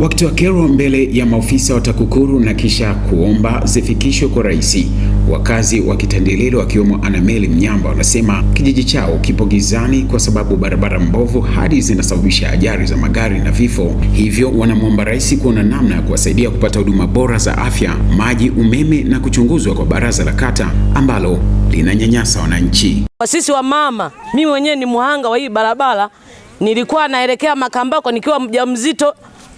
wakitoa kero mbele ya maofisa wa TAKUKURU na kisha kuomba zifikishwe kwa rais. Wakazi wa Kitandililo wakiwemo Anameli Mnyamba wanasema kijiji chao kipo gizani kwa sababu barabara mbovu hadi zinasababisha ajali za magari na vifo, hivyo wanamwomba rais kuona namna ya kuwasaidia kupata huduma bora za afya, maji, umeme na kuchunguzwa kwa baraza la kata ambalo linanyanyasa wananchi. Kwa sisi wa mama mimi mwenyewe ni mhanga wa hii barabara. Nilikuwa naelekea Makambako nikiwa mjamzito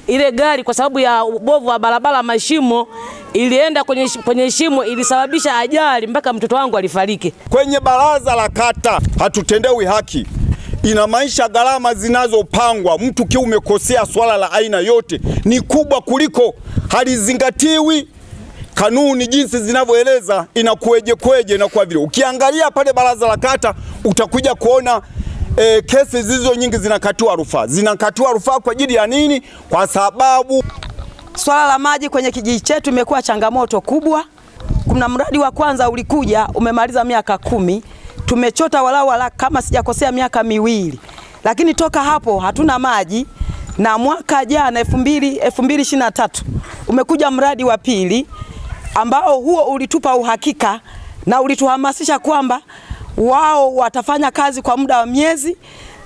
ile gari kwa sababu ya ubovu wa barabara, mashimo, ilienda kwenye, kwenye shimo ilisababisha ajali mpaka mtoto wangu alifariki. Kwenye baraza la kata hatutendewi haki ina maisha gharama zinazopangwa mtu kiu umekosea swala la aina yote ni kubwa kuliko halizingatiwi kanuni jinsi zinavyoeleza, inakuweje kweje, inakuwa vile. Ukiangalia pale baraza la kata utakuja kuona e, kesi zilizo nyingi zinakatiwa rufaa, zinakatiwa rufaa kwa ajili ya nini? Kwa sababu swala la maji kwenye kijiji chetu imekuwa changamoto kubwa. Kuna mradi wa kwanza ulikuja umemaliza miaka kumi, tumechota walau wala kama sijakosea miaka miwili, lakini toka hapo hatuna maji na mwaka jana tatu umekuja mradi wa pili ambao huo ulitupa uhakika na ulituhamasisha kwamba wao watafanya kazi kwa muda wa miezi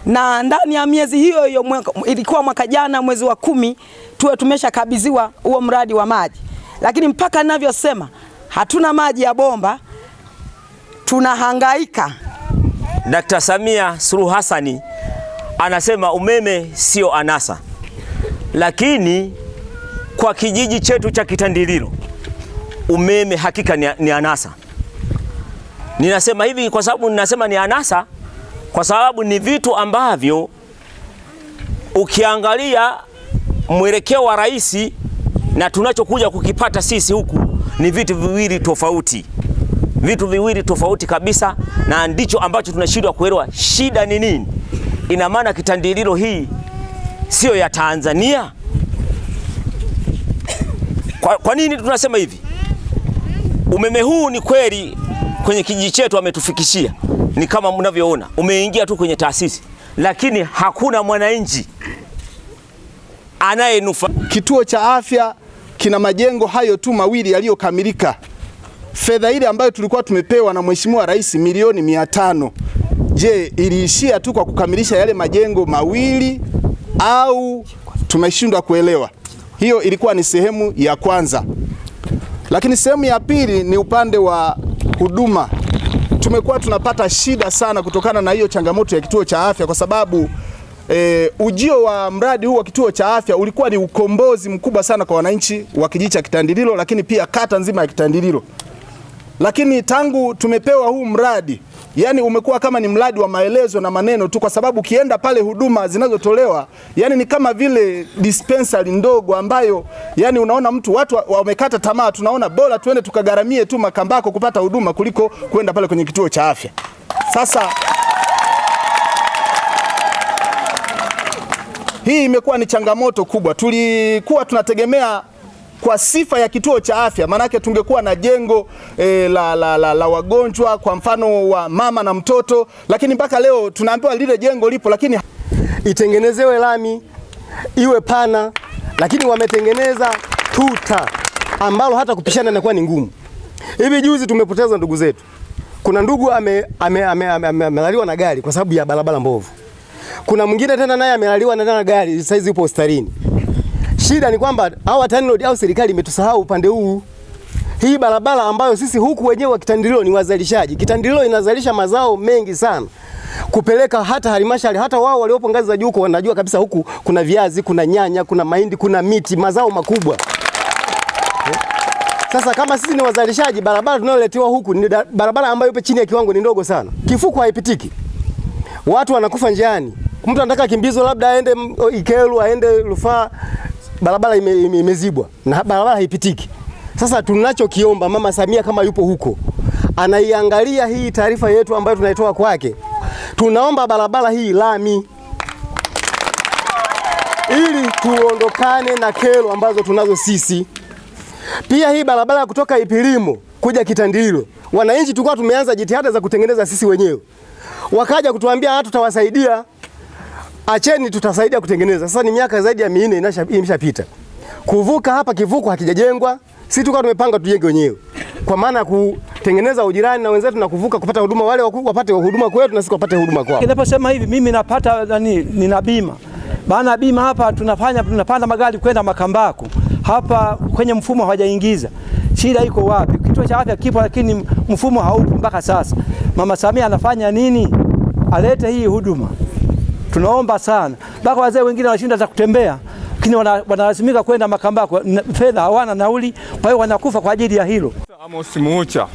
na ndani ya miezi hiyo hiyo mwaka, ilikuwa mwaka jana mwezi wa kumi tuwe tumeshakabidhiwa huo mradi wa maji, lakini mpaka ninavyosema hatuna maji ya bomba, tunahangaika. Dkt. Samia Suluhu Hassan anasema umeme sio anasa, lakini kwa kijiji chetu cha Kitandililo umeme hakika ni anasa. Ninasema hivi kwa sababu ninasema ni anasa, kwa sababu ni vitu ambavyo ukiangalia mwelekeo wa rais na tunachokuja kukipata sisi huku ni vitu viwili tofauti, vitu viwili tofauti kabisa, na ndicho ambacho tunashindwa kuelewa shida ni nini. Ina maana kitandililo hii siyo ya Tanzania. Kwa, kwa nini tunasema hivi? Umeme huu ni kweli kwenye kijiji chetu ametufikishia. Ni kama mnavyoona, umeingia tu kwenye taasisi, lakini hakuna mwananchi anayenufa. Kituo cha afya kina majengo hayo tu mawili yaliyokamilika. Fedha ile ambayo tulikuwa tumepewa na Mheshimiwa Rais milioni mia tano je, iliishia tu kwa kukamilisha yale majengo mawili au tumeshindwa kuelewa? Hiyo ilikuwa ni sehemu ya kwanza, lakini sehemu ya pili ni upande wa huduma tumekuwa tunapata shida sana kutokana na hiyo changamoto ya kituo cha afya kwa sababu e, ujio wa mradi huu wa kituo cha afya ulikuwa ni ukombozi mkubwa sana kwa wananchi wa kijiji cha Kitandililo, lakini pia kata nzima ya Kitandililo. Lakini tangu tumepewa huu mradi yani umekuwa kama ni mradi wa maelezo na maneno tu, kwa sababu ukienda pale huduma zinazotolewa yani ni kama vile dispensary ndogo ambayo yani unaona mtu watu wamekata tamaa, tunaona bora tuende tukagaramie tu Makambako kupata huduma kuliko kwenda pale kwenye kituo cha afya. Sasa hii imekuwa ni changamoto kubwa, tulikuwa tunategemea kwa sifa ya kituo cha afya, maanake tungekuwa na jengo e, la, la, la, la wagonjwa kwa mfano wa mama na mtoto, lakini mpaka leo tunaambiwa lile jengo lipo, lakini itengenezewe lami iwe pana, lakini wametengeneza tuta ambalo hata kupishana inakuwa ni ngumu. Hivi juzi tumepoteza ndugu zetu, kuna ndugu amelaliwa ame, ame, ame, ame, ame na gari kwa sababu ya barabara mbovu. Kuna mwingine tena naye amelaliwa na gari, saizi yupo hospitalini. Shida ni kwamba hawa TANROADS au serikali imetusahau upande huu. Hii barabara ambayo sisi huku wenyewe wa Kitandililo ni wazalishaji. Kitandililo inazalisha mazao mengi sana kupeleka hata halmashauri, hata wao waliopo ngazi za juu huko wanajua kabisa huku kuna viazi, kuna nyanya, kuna mahindi, kuna miti, mazao makubwa. Sasa kama sisi ni wazalishaji, barabara tunayoletewa huku ni barabara ambayo ipo chini ya kiwango, ni ndogo sana, kifuko haipitiki, watu wanakufa njiani. Mtu anataka kimbizo, labda aende Ikelu, aende Rufaa, barabara ime, imezibwa na barabara haipitiki. Sasa tunachokiomba Mama Samia kama yupo huko anaiangalia hii taarifa yetu ambayo tunaitoa kwake, tunaomba barabara hii lami ili tuondokane na kero ambazo tunazo sisi. Pia hii barabara ya kutoka Ipilimo kuja Kitandililo, wananchi tulikuwa tumeanza jitihada za kutengeneza sisi wenyewe, wakaja kutuambia tutawasaidia acheni, tutasaidia kutengeneza. Sasa ni miaka zaidi ya minne imeshapita, kuvuka hapa kivuko hakijajengwa, si tukawa tumepanga tujenge wenyewe, kwa maana ya kutengeneza ujirani na wenzetu na kuvuka kupata huduma, wale wapate huduma kwetu na sisi wapate huduma kwao. Ninaposema hivi mimi napata nani, nina bima maana bima hapa tunafanya tunapanda magari kwenda Makambako hapa kwenye mfumo hawajaingiza. Shida iko wapi? Kituo cha afya kipo, lakini mfumo haupo mpaka sasa. Mama Samia anafanya nini? Alete hii huduma. Tunaomba sana mpaka wazee wengine wanashinda za kutembea, lakini wanalazimika wana kwenda Makambako, fedha hawana nauli, kwa hiyo wanakufa kwa ajili ya hilo. Amos Muucha,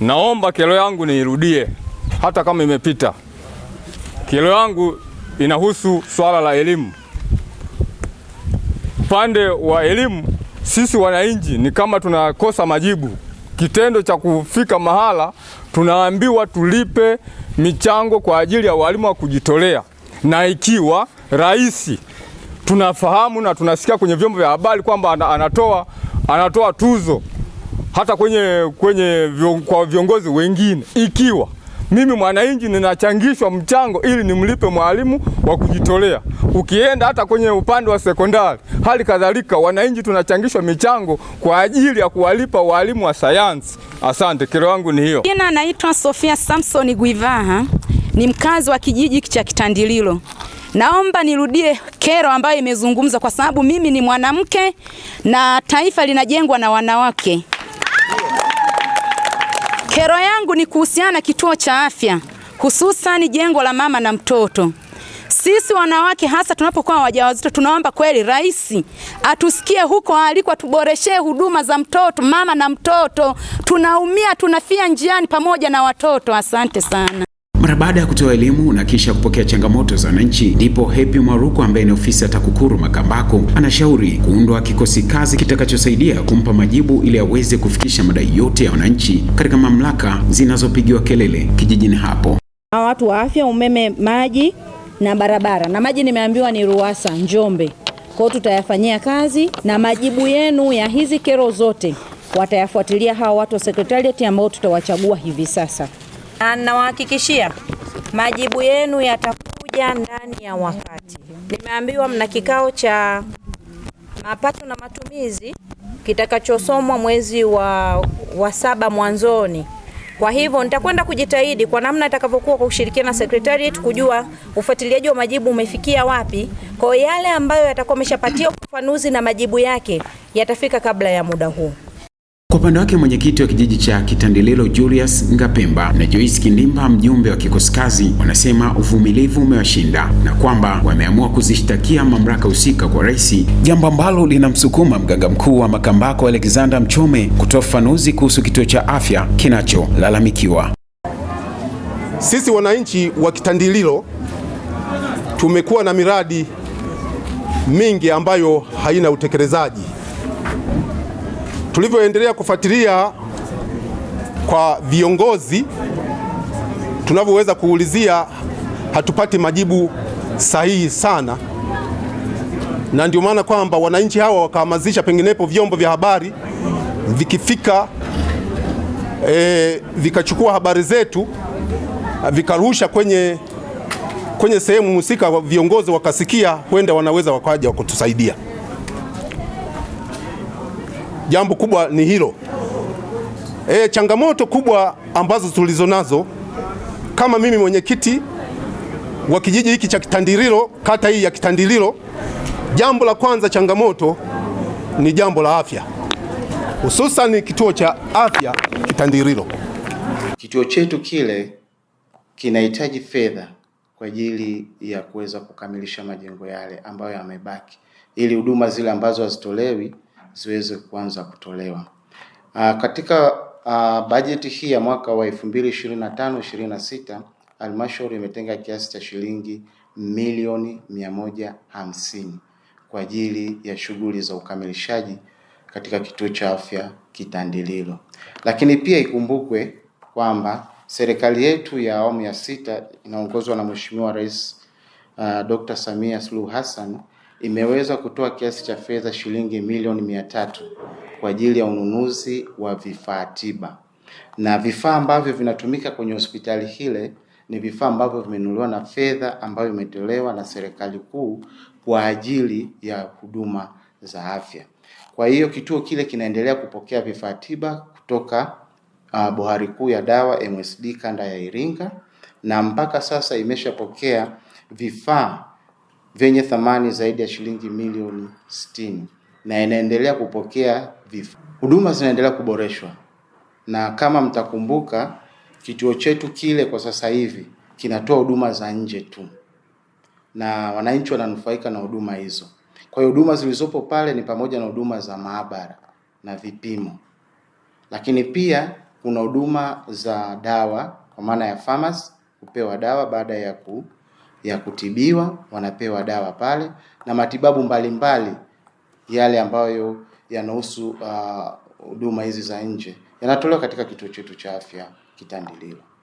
naomba kero yangu niirudie, hata kama imepita. Kero yangu inahusu swala la elimu. Upande wa elimu, sisi wananchi ni kama tunakosa majibu. Kitendo cha kufika mahala tunaambiwa tulipe michango kwa ajili ya walimu wa kujitolea, na ikiwa rais tunafahamu na tunasikia kwenye vyombo vya habari kwamba anatoa, anatoa tuzo hata kwenye, kwenye kwa viongozi wengine ikiwa mimi mwananchi ninachangishwa mchango ili nimlipe mwalimu wa kujitolea. Ukienda hata kwenye upande wa sekondari, hali kadhalika wananchi tunachangishwa michango kwa ajili ya kuwalipa walimu wa sayansi. Asante, kero yangu ni hiyo. Jina naitwa Sofia Samson Guivaha, ni mkazi wa kijiji cha Kitandililo. Naomba nirudie kero ambayo imezungumza kwa sababu mimi ni mwanamke na taifa linajengwa na wanawake. Kero ya yangu ni kuhusiana kituo cha afya, hususan jengo la mama na mtoto. Sisi wanawake hasa tunapokuwa wajawazito, tunaomba kweli rais atusikie huko aliko, atuboreshee huduma za mtoto, mama na mtoto. Tunaumia, tunafia njiani pamoja na watoto. Asante sana. Mara baada ya kutoa elimu na kisha kupokea changamoto za wananchi, ndipo Happy mwaruku ambaye ni ofisa TAKUKURU Makambako anashauri kuundwa kikosi kazi kitakachosaidia kumpa majibu ili aweze kufikisha madai yote ya wananchi katika mamlaka zinazopigiwa kelele kijijini hapo. Hawa watu wa afya, umeme, maji na barabara na maji nimeambiwa ni Ruwasa Njombe. kwao tutayafanyia kazi na majibu yenu ya hizi kero zote watayafuatilia hawa watu wa sekretariati ambao tutawachagua hivi sasa na ah, ninawahakikishia majibu yenu yatakuja ndani ya wakati. Nimeambiwa mna kikao cha mapato na matumizi kitakachosomwa mwezi wa, wa saba mwanzoni. Kwa hivyo nitakwenda kujitahidi kwa namna itakavyokuwa kwa kushirikiana na sekretariat kujua ufuatiliaji wa majibu umefikia wapi. Kwa yale ambayo yatakuwa ameshapatia ufafanuzi na majibu yake yatafika kabla ya muda huu. Kwa upande wake mwenyekiti wa kijiji cha Kitandililo Julius Ngapemba na Joyce Kindimba, mjumbe wa kikosi kazi, wanasema uvumilivu umewashinda na kwamba wameamua kuzishtakia mamlaka husika kwa rais, jambo ambalo linamsukuma mganga mkuu wa Makambako Alexander Mchome kutoa ufafanuzi kuhusu kituo cha afya kinacholalamikiwa. Sisi wananchi wa Kitandililo tumekuwa na miradi mingi ambayo haina utekelezaji tulivyoendelea kufuatilia kwa viongozi, tunavyoweza kuulizia, hatupati majibu sahihi sana, na ndio maana kwamba wananchi hawa wakahamazisha penginepo vyombo vya habari vikifika e, vikachukua habari zetu vikarusha kwenye, kwenye sehemu husika, viongozi wakasikia, huenda wanaweza wakaja wakutusaidia jambo kubwa ni hilo. E, changamoto kubwa ambazo tulizonazo kama mimi mwenyekiti wa kijiji hiki cha Kitandililo, kata hii ya Kitandililo, jambo la kwanza, changamoto ni jambo la afya, hususan kituo cha afya Kitandililo. Kituo chetu kile kinahitaji fedha kwa ajili ya kuweza kukamilisha majengo yale ambayo yamebaki, ili huduma zile ambazo hazitolewi ziweze kuanza kutolewa. Aa, ah, katika aa, ah, bajeti hii ya mwaka wa 2025 26 halmashauri imetenga kiasi cha shilingi milioni 150 kwa ajili ya shughuli za ukamilishaji katika kituo cha afya Kitandililo. Lakini pia ikumbukwe kwamba serikali yetu ya awamu ya sita inaongozwa na Mheshimiwa Rais uh, ah, Dr. Samia Suluhu Hassan imeweza kutoa kiasi cha fedha shilingi milioni mia tatu kwa ajili ya ununuzi wa vifaa tiba, na vifaa ambavyo vinatumika kwenye hospitali hile ni vifaa ambavyo vimenunuliwa na fedha ambayo imetolewa na serikali kuu kwa ajili ya huduma za afya. Kwa hiyo kituo kile kinaendelea kupokea vifaa tiba kutoka uh, bohari kuu ya dawa MSD kanda ya Iringa, na mpaka sasa imeshapokea vifaa vyenye thamani zaidi ya shilingi milioni sitini na inaendelea kupokea vifaa. Huduma zinaendelea kuboreshwa, na kama mtakumbuka, kituo chetu kile kwa sasa hivi kinatoa huduma za nje tu, na wananchi wananufaika na huduma hizo. Kwa hiyo huduma zilizopo pale ni pamoja na huduma za maabara na vipimo, lakini pia kuna huduma za dawa kwa maana ya pharmacy, kupewa dawa baada ya ku ya kutibiwa, wanapewa dawa pale na matibabu mbalimbali mbali, yale ambayo yanahusu uh, huduma uh, hizi za nje yanatolewa katika kituo chetu cha afya Kitandililo.